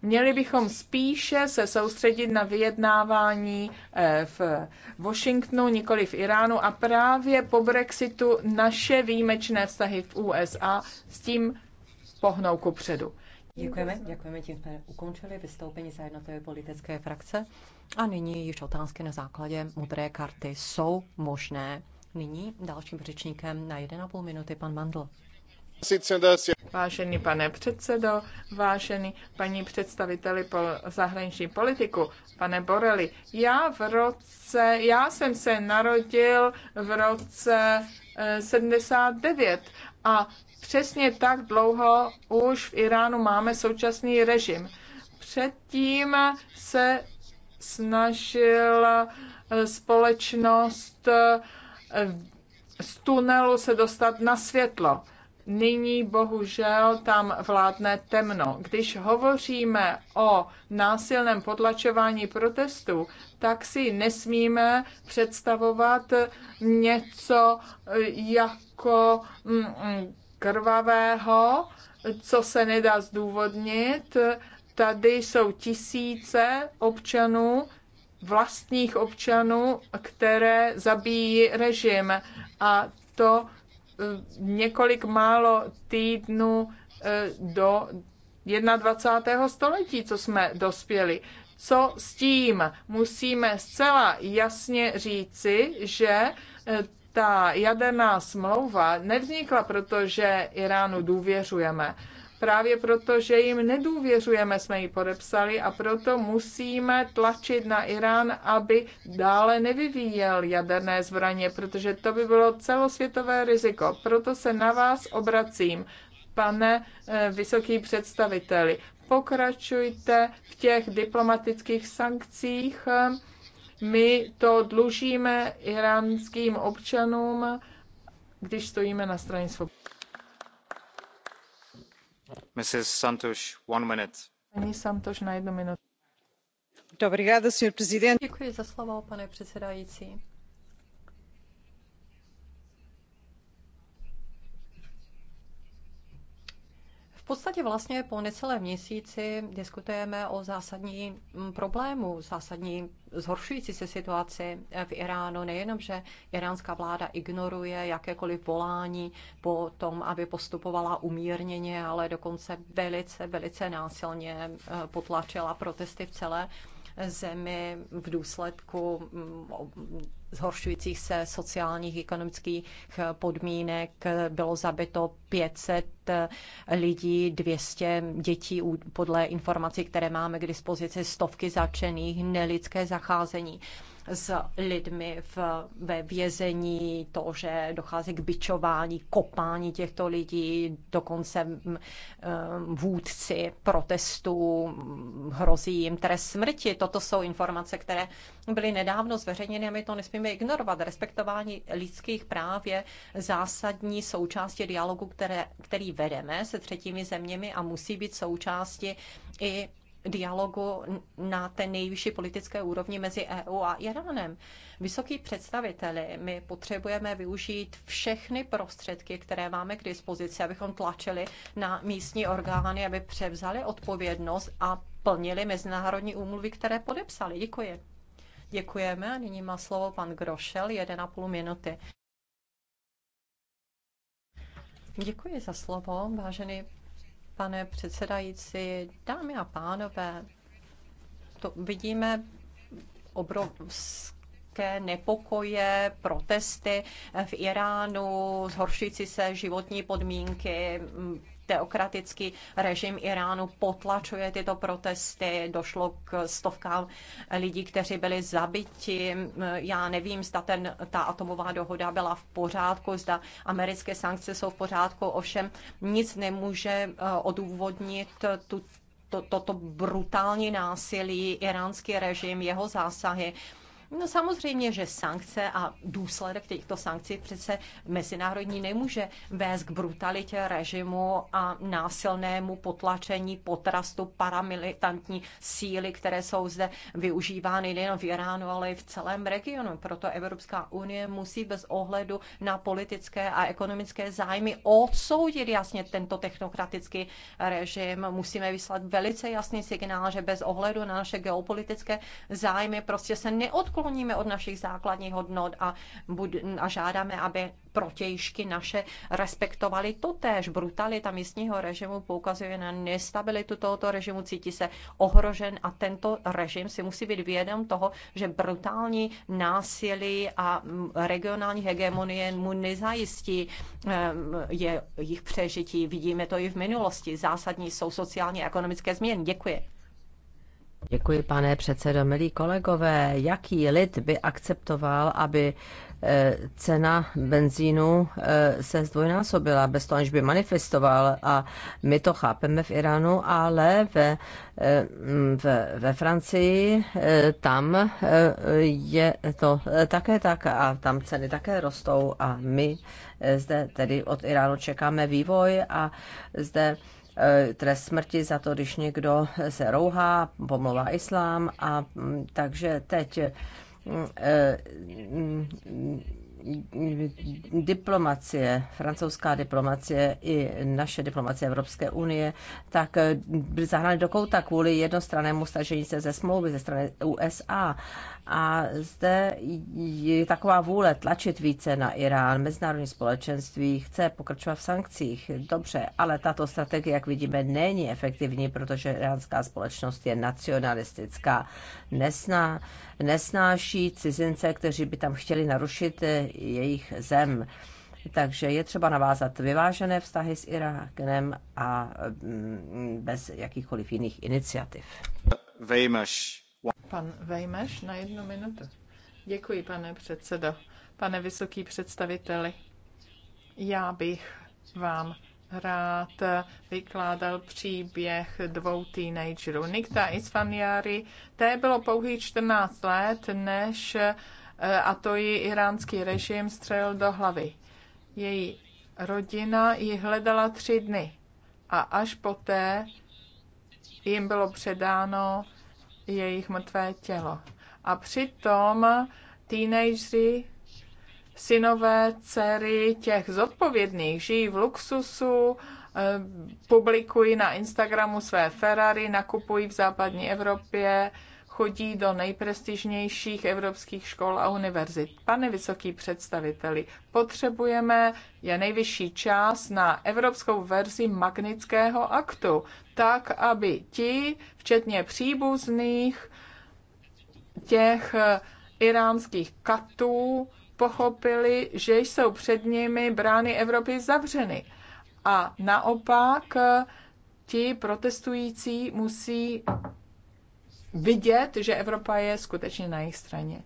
Měli bychom spíše se soustředit na vyjednávání eh, v Washingtonu, nikoli v Iránu a právě po Brexitu naše výjimečné vztahy v USA s tím pohnou ku předu. Děkujeme, děkujeme, tím jsme ukončili vystoupení za jednotlivé politické frakce. A nyní již otázky na základě modré karty jsou možné. Nyní dalším řečníkem na 1,5 minuty pan Mandl. Vážený pane předsedo, vážený paní představiteli po zahraniční politiku, pane Boreli, já v roce, já jsem se narodil v roce 79 eh, a přesně tak dlouho už v Iránu máme současný režim. Předtím se snažila eh, společnost eh, z tunelu se dostat na světlo Nyní bohužel tam vládne temno. Když hovoříme o násilném potlačování protestů, tak si nesmíme představovat něco jako mm, mm, krvavého, co se nedá zdůvodnit. Tady jsou tisíce občanů, vlastních občanů, které zabíjí režim. A to Eh, několik málo týdnů eh, do 21. století, co jsme dospěli. Co s tím? Musíme zcela jasně říci, že eh, ta jaderná smlouva nevznikla, protože Iránu důvěřujeme. Právě proto, že jim nedůvěřujeme, jsme ji podepsali a proto musíme tlačit na Irán, aby dále nevyvíjel jaderné zbraně, protože to by bylo celosvětové riziko. Proto se na vás obracím, pane eh, vysoký představiteli. Pokračujte v těch diplomatických sankcích. My to dlužíme iránským občanům, když stojíme na straně svobody. Paní Santoš na jednu minutu. Děkuji za slovo, pane předsedající podstatě vlastně po necelé měsíci diskutujeme o zásadní mm, problému, zásadní zhoršující se situaci v Iránu. Nejenom, že iránská vláda ignoruje jakékoliv volání po tom, aby postupovala umírněně, ale dokonce velice, velice násilně eh, potlačila protesty v celé zemi v důsledku mm, zhoršujících se sociálních, ekonomických podmínek. Bylo zabito 500 eh, lidí, 200 dětí podle informací, které máme k dispozici, stovky začených, nelidské zacházení s lidmi v, ve vězení, to, že dochází k byčování, kopání těchto lidí, dokonce vůdci protestů hrozí jim trest smrti. Toto jsou informace, které byly nedávno zveřejněny a my to nesmíme ignorovat. Respektování lidských práv je zásadní součástí dialogu, které, který vedeme se třetími zeměmi a musí být součástí i dialogu na té nejvyšší politické úrovni mezi EU a Iránem. Vysoký představiteli, my potřebujeme využít všechny prostředky, které máme k dispozici, abychom tlačili na místní orgány, aby převzali odpovědnost a plnili mezinárodní úmluvy, které podepsali. Děkuji. Děkujeme a nyní má slovo pan Grošel, 1,5 minuty. Děkuji za slovo, vážený pane předsedající. Dámy a pánové, to vidíme obrovské nepokoje, protesty v Iránu, zhoršující se životní podmínky, teokratický režim Iránu potlačuje tyto protesty, došlo k stovkám lidí, kteří byli zabiti. Já nevím, zda ten, ta atomová dohoda byla v pořádku, zda americké sankce jsou v pořádku, ovšem nic nemůže eh, odůvodnit tu, to, toto brutální násilí, iránský režim, jeho zásahy No samozřejmě, že sankce a důsledek těchto sankcí přece mezinárodní nemůže vést k brutalitě režimu a násilnému potlačení, potrastu paramilitantní síly, které jsou zde využívány nejen v Iránu, ale i v celém regionu. Proto Evropská unie musí bez ohledu na politické a ekonomické zájmy odsoudit jasně tento technokratický režim. Musíme vyslat velice jasný signál, že bez ohledu na naše geopolitické zájmy prostě se neodkloní odkloníme od našich základních hodnot a, bud- a žádáme, aby protějšky naše respektovali též. Brutalita místního režimu poukazuje na nestabilitu tohoto režimu, cítí se ohrožen a tento režim si musí být vědom toho, že brutální násilí a regionální hegemonie mu nezajistí eh, je jejich přežití. Vidíme to i v minulosti. Zásadní jsou sociálně ekonomické změny. Děkuji. Děkuji, pane předsedo. Milí kolegové, jaký lid by akceptoval, aby Eh, cena benzínu eh, se zdvojnásobila, bez toho, aniž by manifestoval. A my to chápeme v Iránu, ale ve, eh, ve, ve Francii tam je to také tak a tam ceny také rostou a my zde tedy od Iránu čekáme vývoj a zde trest smrti za to, když někdo se rouhá, pomlouvá islám a takže teď Eh, mm, diplomacie, francouzská diplomacie i naše diplomacie Evropské unie, tak eh, byly zahrány do kouta kvůli jednostrannému stažení se ze smlouvy ze strany USA. A zde je taková vůle tlačit více na Irán. Mezinárodní společenství chce pokračovat v sankcích. Dobře, ale tato strategie, jak vidíme, není efektivní, protože iránská společnost je nacionalistická, nesná nesnáší cizince, kteří by tam chtěli narušit eh, jejich zem. Takže je třeba navázat vyvážené vztahy s Irákem a mm, bez jakýchkoliv jiných iniciativ. Vejmeš. Pan Vejmeš na jednu minutu. Děkuji, pane předsedo. Pane vysoký představiteli, já bych vám rád vykládal příběh dvou teenagerů. Nikta Isfaniari, té bylo pouhých 14 let, než eh, a to ji iránský režim střelil do hlavy. Její rodina ji hledala tři dny a až poté jim bylo předáno jejich mrtvé tělo. A přitom teenagery synové, dcery těch zodpovědných žijí v luxusu, eh, publikují na Instagramu své Ferrari, nakupují v západní Evropě, chodí do nejprestižnějších evropských škol a univerzit. Pane vysoký představiteli, potřebujeme, je nejvyšší čas na evropskou verzi magnického aktu, tak, aby ti, včetně příbuzných, těch eh, iránských katů, pochopili, že jsou před nimi brány Evropy zavřeny. A naopak eh, ti protestující musí vidět, že Evropa je skutečně na jejich straně.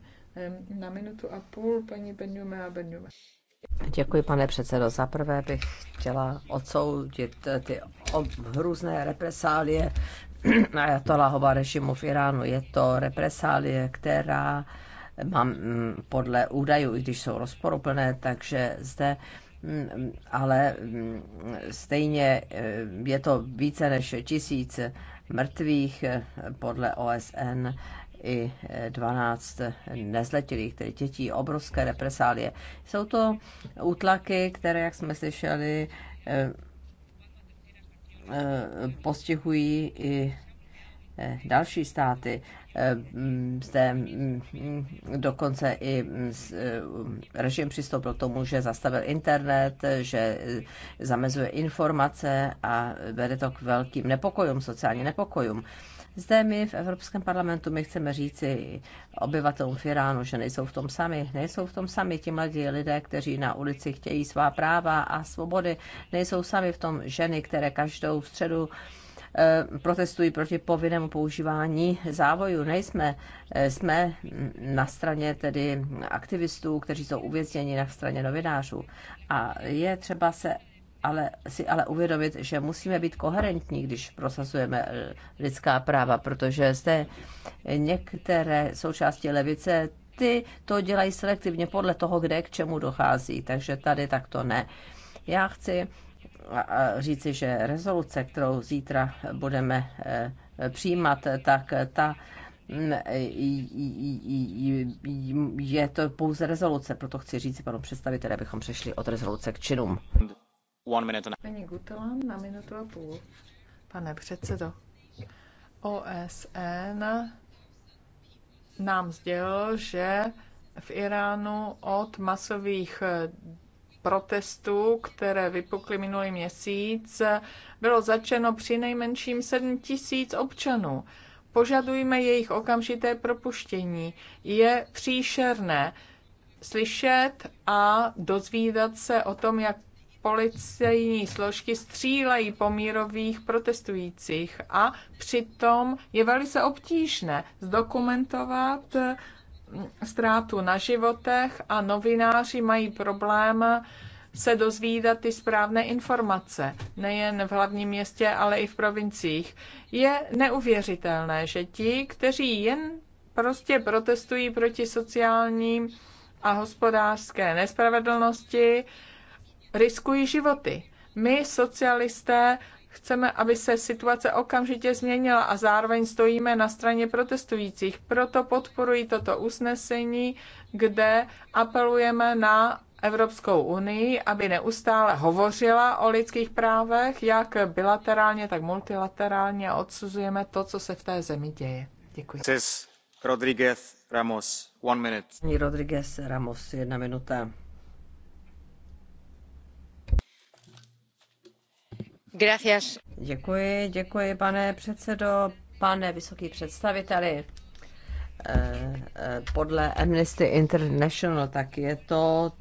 Na minutu a půl paní Benjume a Benjume. Děkuji, pane předsedo. Za prvé bych chtěla odsoudit eh, ty hrůzné represálie To režimu v Iránu. Je to represálie, která mám mm, podle údajů, i když jsou rozporuplné, takže zde mm, ale mm, stejně eh, je to více než tisíc mrtvých eh, podle OSN i 12 eh, nezletilých, tedy dětí, obrovské represálie. Jsou to útlaky, které, jak jsme slyšeli, postihují i další státy zde mm, dokonce i mm, mm, režim přistoupil k tomu, že zastavil internet, že e, zamezuje informace a vede to k velkým nepokojům, sociálním nepokojům. Zde my v Evropském parlamentu my chceme říci obyvatelům v Iránu, že nejsou v tom sami. Nejsou v tom sami ti mladí lidé, kteří na ulici chtějí svá práva a svobody. Nejsou sami v tom ženy, které každou středu Eh, protestují proti povinnému používání závojů. Nejsme, eh, jsme na straně tedy aktivistů, kteří jsou uvězněni na straně novinářů. A je třeba se ale si ale uvědomit, že musíme být koherentní, když prosazujeme eh, lidská práva, protože zde některé součásti levice ty to dělají selektivně podle toho, kde k čemu dochází. Takže tady tak to ne. Já chci a říci, že rezoluce, kterou zítra budeme eh, přijímat, tak ta mm, je to pouze rezoluce, proto chci říct panu představiteli, abychom přešli od rezoluce k činům. Paní Gutelan na minutu a půl. Pane předsedo, OSN nám sdělil, že v Iránu od masových protestů, které vypukly minulý měsíc, bylo začeno při nejmenším 7 tisíc občanů. Požadujeme jejich okamžité propuštění. Je příšerné slyšet a dozvídat se o tom, jak policejní složky střílejí po mírových protestujících a přitom je velice obtížné zdokumentovat ztrátu na životech a novináři mají problém se dozvídat ty správné informace, nejen v hlavním městě, ale i v provinciích. Je neuvěřitelné, že ti, kteří jen prostě protestují proti sociálním a hospodářské nespravedlnosti, riskují životy. My, socialisté, Chceme, aby se situace okamžitě změnila a zároveň stojíme na straně protestujících. Proto podporuji toto usnesení, kde apelujeme na Evropskou unii, aby neustále hovořila o lidských právech, jak bilaterálně, tak multilaterálně a odsuzujeme to, co se v té zemi děje. Děkuji. Rodriguez Ramos, one minute. Rodriguez Ramos, jedna minuta. Gracias. Děkuji, děkuji, pane předsedo, pane vysoký představiteli eh, eh, podle Amnesty International, tak je to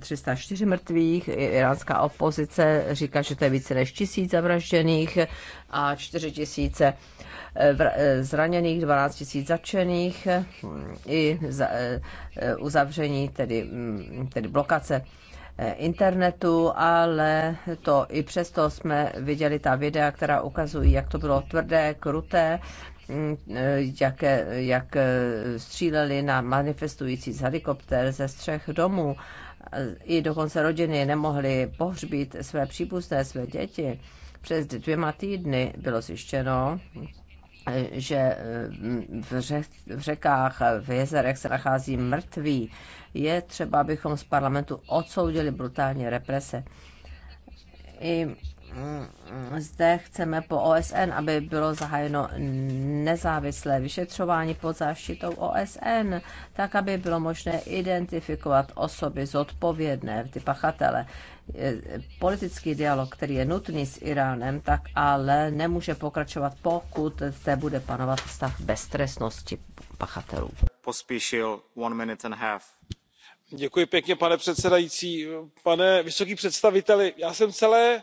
304 mm, mrtvých. Iránská opozice říká, že to je více než tisíc zavražděných a 4 tisíce eh, zraněných, 12 tisíc začených mm, i uzavření, tedy, mm, tedy blokace Eh, internetu, ale to i přesto jsme viděli ta videa, která ukazují, jak to bylo tvrdé, kruté, mm, eh, jak, eh, jak stříleli na manifestující z helikoptér ze střech domů. I dokonce rodiny nemohly pohřbít své příbuzné, své děti. Přes dvěma týdny bylo zjištěno, že eh, v, řek, v řekách, v jezerech se nachází mrtví. Je třeba, abychom z parlamentu odsoudili brutální represe. I mm, zde chceme po OSN, aby bylo zahájeno nezávislé vyšetřování pod záštitou OSN, tak aby bylo možné identifikovat osoby zodpovědné, ty pachatele politický dialog, který je nutný s Iránem, tak ale nemůže pokračovat, pokud zde bude panovat stav beztresnosti pachatelů. Pospíšil one minute and a half. Děkuji pěkně, pane předsedající. Pane vysoký představiteli, já jsem celé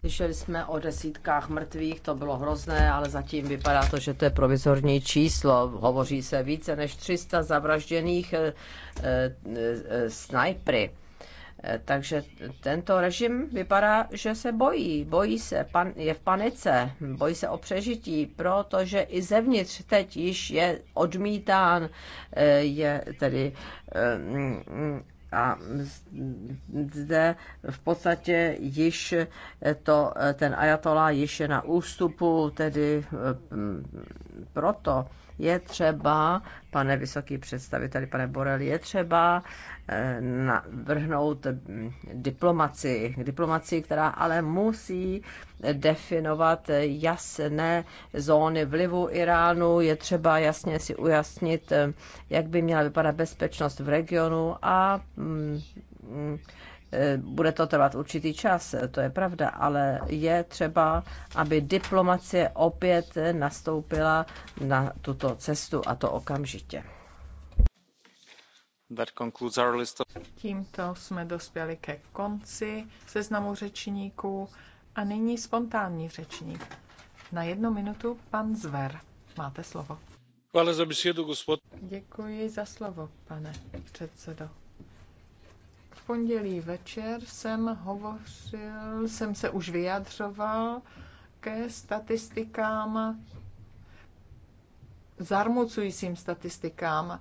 Slyšeli jsme o desítkách mrtvých, to bylo hrozné, ale zatím vypadá to, že to je provizorní číslo. Hovoří se více než 300 zavražděných e, e, snajpry. Takže tento režim vypadá, že se bojí, bojí se, pan, je v panice, bojí se o přežití, protože i zevnitř teď již je odmítán, je tedy a zde v podstatě již to, ten ajatola již je na ústupu, tedy eh, proto je třeba, pane vysoký představiteli, pane Borel, je třeba eh, vrhnout hm, diplomaci, diplomaci, která ale musí definovat jasné zóny vlivu Iránu, je třeba jasně si ujasnit, eh, jak by měla vypadat bezpečnost v regionu a hm, hm, Eh, bude to trvat určitý čas, to je pravda, ale je třeba, aby diplomacie opět nastoupila na tuto cestu a to okamžitě. That concludes our list of... Tímto jsme dospěli ke konci seznamu řečníků a nyní spontánní řečník. Na jednu minutu pan Zver. Máte slovo. Děkuji za slovo, pane předsedo pondělí večer jsem hovořil, jsem se už vyjadřoval ke statistikám, zarmucujícím statistikám,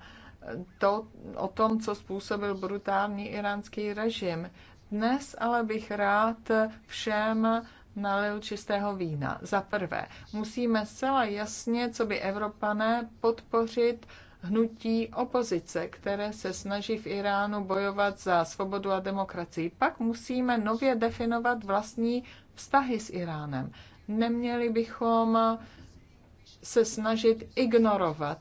to, o tom, co způsobil brutální iránský režim. Dnes ale bych rád všem nalil čistého vína. Za prvé, musíme zcela jasně, co by Evropané, podpořit hnutí opozice, které se snaží v Iránu bojovat za svobodu a demokracii. Pak musíme nově definovat vlastní vztahy s Iránem. Neměli bychom se snažit ignorovat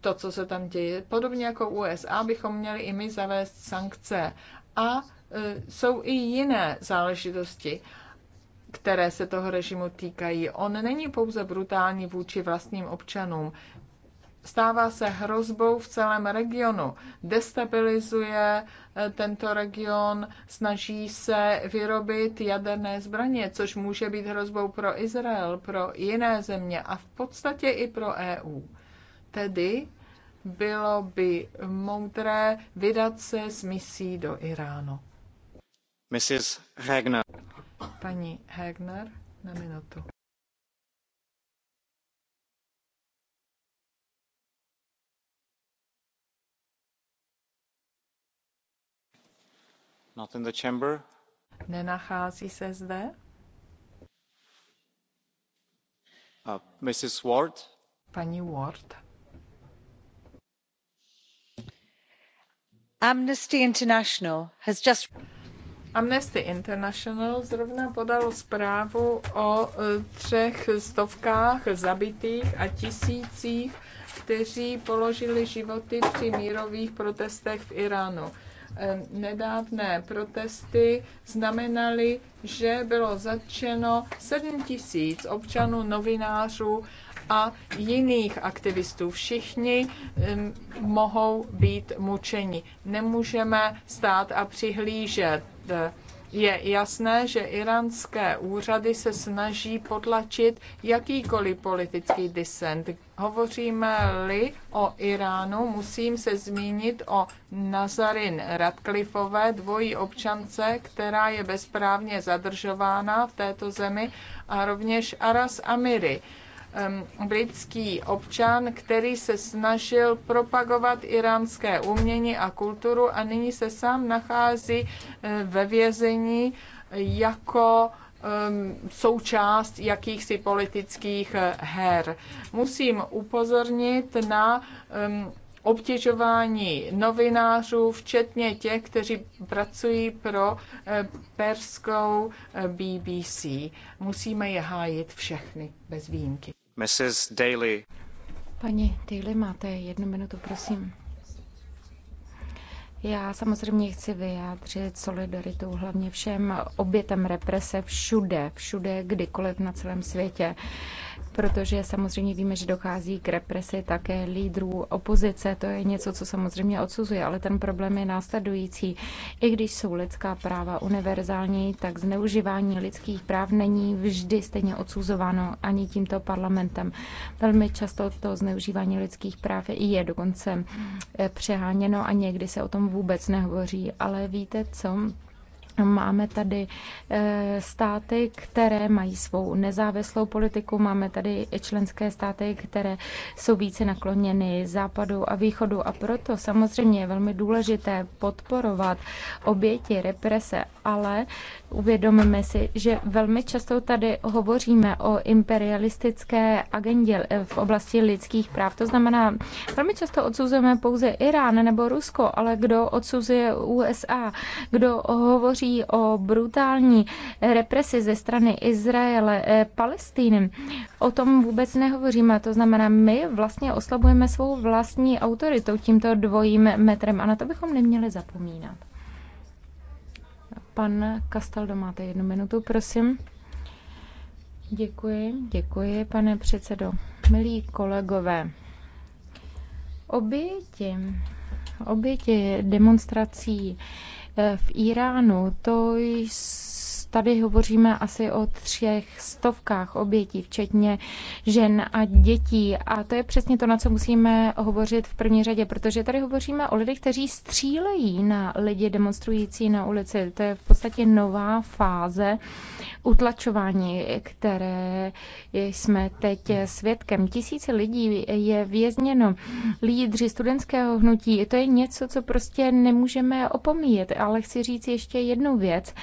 to, co se tam děje. Podobně jako USA bychom měli i my zavést sankce. A e, jsou i jiné záležitosti které se toho režimu týkají. On není pouze brutální vůči vlastním občanům, stává se hrozbou v celém regionu. Destabilizuje eh, tento region, snaží se vyrobit jaderné zbraně, což může být hrozbou pro Izrael, pro jiné země a v podstatě i pro EU. Tedy bylo by moudré vydat se s misí do Iránu. Mrs. Hagner. Paní Hagner, na minutu. Not in the chamber. Nenachází se zde. Uh, Mrs. Ward. Paní Ward. Amnesty International has just Amnesty International zrovna podalo zprávu o e, třech stovkách zabitých a tisících, kteří položili životy při mírových protestech v Iránu. Eh, nedávné protesty znamenaly, že bylo zatčeno 7 tisíc občanů, novinářů a jiných aktivistů. Všichni um, mohou být mučeni. Nemůžeme stát a přihlížet. Eh, je jasné, že iránské úřady se snaží potlačit jakýkoliv politický disent. Hovoříme-li o Iránu, musím se zmínit o Nazarin Radcliffeové, dvojí občance, která je bezprávně zadržována v této zemi, a rovněž Aras Amiri britský občan, který se snažil propagovat iránské umění a kulturu a nyní se sám nachází eh, ve vězení jako součást jakýchsi politických eh, her. Musím upozornit na obtěžování novinářů, včetně těch, kteří pracují pro eh, perskou BBC. Musíme je hájit všechny bez výjimky. Daly. Paní Daly, máte jednu minutu, prosím. Já samozřejmě chci vyjádřit solidaritu hlavně všem obětem represe všude, všude, kdykoliv na celém světě protože samozřejmě víme, že dochází k represi také lídrů opozice. To je něco, co samozřejmě odsuzuje, ale ten problém je následující. I když jsou lidská práva univerzální, tak zneužívání lidských práv není vždy stejně odsuzováno ani tímto parlamentem. Velmi často to zneužívání lidských práv je dokonce přeháněno a někdy se o tom vůbec nehovoří. Ale víte co? Máme tady eh, státy, které mají svou nezávislou politiku, máme tady i členské státy, které jsou více nakloněny západu a východu a proto samozřejmě je velmi důležité podporovat oběti represe, ale uvědomme si, že velmi často tady hovoříme o imperialistické agendě eh, v oblasti lidských práv. To znamená, velmi často odsuzujeme pouze Irán nebo Rusko, ale kdo odsuzuje USA, kdo hovoří hovoří o brutální represi ze strany Izraele eh, Palestíny, o tom vůbec nehovoříme. To znamená, my vlastně oslabujeme svou vlastní autoritou tímto dvojím metrem a na to bychom neměli zapomínat. Pan Kastaldo, máte jednu minutu, prosím. Děkuji, děkuji, pane předsedo. Milí kolegové, oběti, oběti demonstrací Eh, v Iránu. To jsou Tady hovoříme asi o třech stovkách obětí, včetně žen a dětí. A to je přesně to, na co musíme hovořit v první řadě, protože tady hovoříme o lidech, kteří střílejí na lidi demonstrující na ulici. To je v podstatě nová fáze utlačování, které jsme teď svědkem. Tisíce lidí je vězněno. Lídři studentského hnutí, to je něco, co prostě nemůžeme opomíjet. Ale chci říct ještě jednu věc.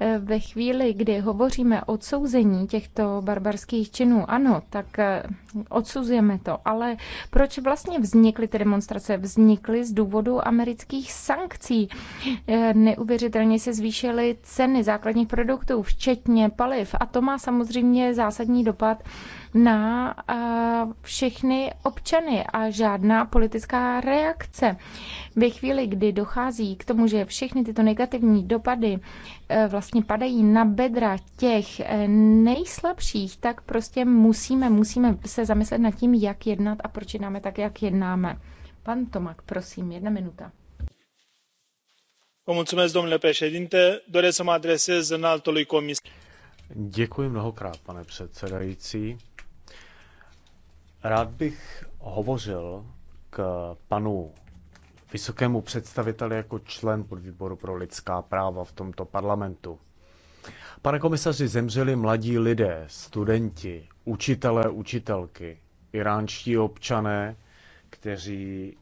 Eh, ve chvíli, kdy hovoříme o odsouzení těchto barbarských činů, ano, tak eh, odsuzujeme to, ale proč vlastně vznikly ty demonstrace? Vznikly z důvodu amerických sankcí. Eh, neuvěřitelně se zvýšily ceny základních produktů, včetně paliv a to má samozřejmě zásadní dopad na eh, všechny občany a žádná politická reakce. Ve chvíli, kdy dochází k tomu, že všechny tyto negativní dopady eh, vlastně padají na bedra těch eh, nejslabších, tak prostě musíme, musíme se zamyslet nad tím, jak jednat a proč jednáme tak, jak jednáme. Pan Tomak, prosím, jedna minuta Děkuji mnohokrát, pane předsedající. Rád bych hovořil k panu vysokému představiteli jako člen podvýboru pro lidská práva v tomto parlamentu. Pane komisaři, zemřeli mladí lidé, studenti, učitelé, učitelky, iránští občané, kteří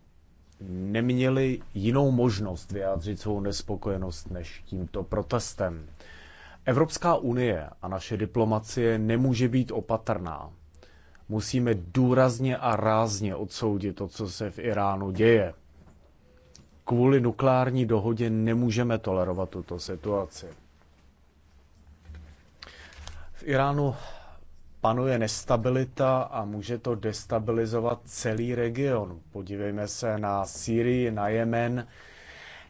neměli jinou možnost vyjádřit svou nespokojenost než tímto protestem. Evropská unie a naše diplomacie nemůže být opatrná. Musíme důrazně a rázně odsoudit to, co se v Iránu děje. Kvůli nukleární dohodě nemůžeme tolerovat tuto situaci. V Iránu panuje nestabilita a může to destabilizovat celý region. Podívejme se na Syrii, na Jemen.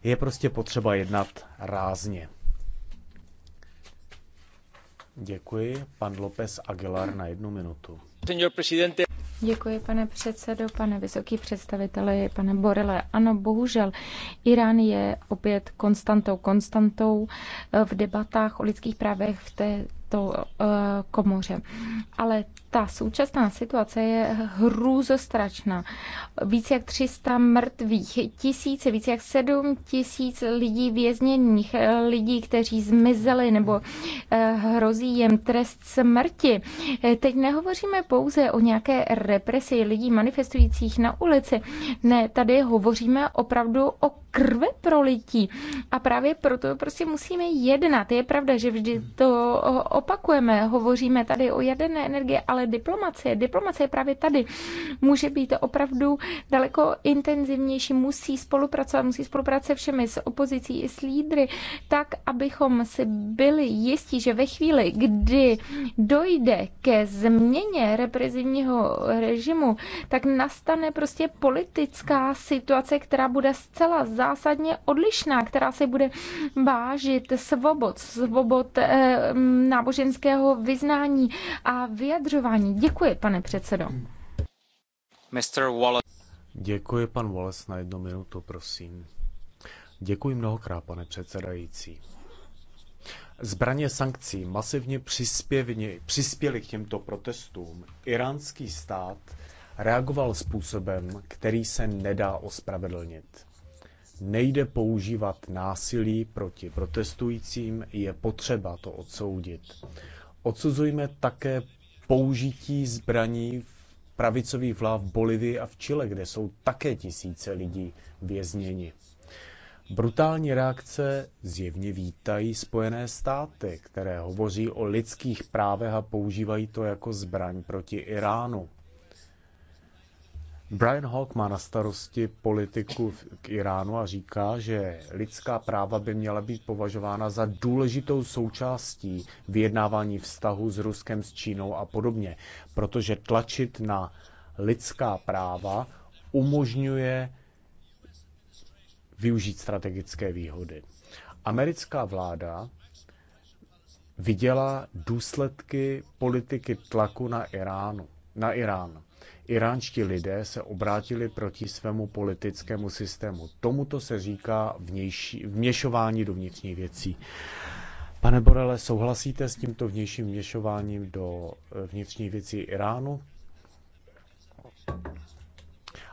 Je prostě potřeba jednat rázně. Děkuji. Pan López Aguilar na jednu minutu. Děkuji, pane předsedo, pane vysoký představiteli, pane Borele. Ano, bohužel, Irán je opět konstantou, konstantou v debatách o lidských právech v té tou eh, komoře. Ale ta současná situace je hrůzostračná. Víc jak 300 mrtvých, tisíce, víc jak 7 tisíc lidí vězněných, eh, lidí, kteří zmizeli nebo eh, hrozí jim trest smrti. Teď nehovoříme pouze o nějaké represi lidí manifestujících na ulici. Ne, tady hovoříme opravdu o krve prolití. A právě proto prostě musíme jednat. Je pravda, že vždy to opakujeme, hovoříme tady o jaderné energie, ale diplomacie, diplomacie právě tady může být opravdu daleko intenzivnější, musí spolupracovat, musí spolupracovat se všemi, s opozicí i s lídry, tak, abychom si byli jistí, že ve chvíli, kdy dojde ke změně represivního režimu, tak nastane prostě politická situace, která bude zcela zásadně odlišná, která se bude vážit svobod, svobod eh, náboženství, náboženského vyznání a vyjadřování. Děkuji, pane předsedo. Mr. Wallace. Děkuji, pan Wallace, na jednu minutu, prosím. Děkuji mnohokrát, pane předsedající. Zbraně sankcí masivně přispěly k těmto protestům. Iránský stát reagoval způsobem, který se nedá ospravedlnit. Nejde používat násilí proti protestujícím, je potřeba to odsoudit. Odsuzujme také použití zbraní v pravicových vlád v Bolivii a v Chile, kde jsou také tisíce lidí vězněni. Brutální reakce zjevně vítají Spojené státy, které hovoří o lidských právech a používají to jako zbraň proti Iránu. Brian Hawk má na starosti politiku k Iránu a říká, že lidská práva by měla být považována za důležitou součástí vyjednávání vztahu s Ruskem, s Čínou a podobně, protože tlačit na lidská práva umožňuje využít strategické výhody. Americká vláda viděla důsledky politiky tlaku na Iránu na Irán. Iránští lidé se obrátili proti svému politickému systému. Tomuto se říká vnější, vměšování do vnitřních věcí. Pane Borele, souhlasíte s tímto vnějším vměšováním do eh, vnitřních věcí Iránu?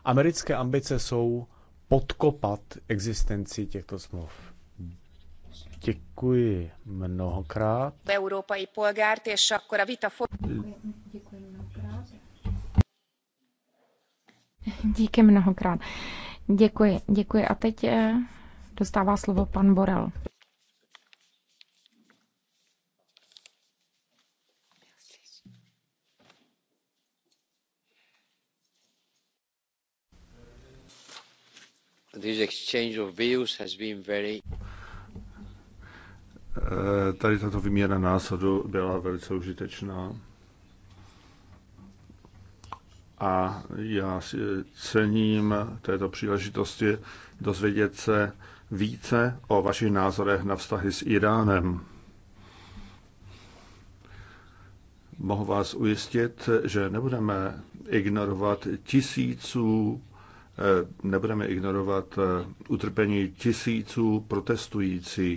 Americké ambice jsou podkopat existenci těchto smluv. Děkuji mnohokrát. Děkuji. Díky mnohokrát. Děkuji, děkuji. A teď eh, dostává slovo pan Borel. This exchange of views has been very... Eh, tady tato výměna násadu byla velice užitečná a já si cením této příležitosti dozvědět se více o vašich názorech na vztahy s Iránem. Mohu vás ujistit, že nebudeme ignorovat tisíců, eh, nebudeme ignorovat eh, utrpení tisíců protestujících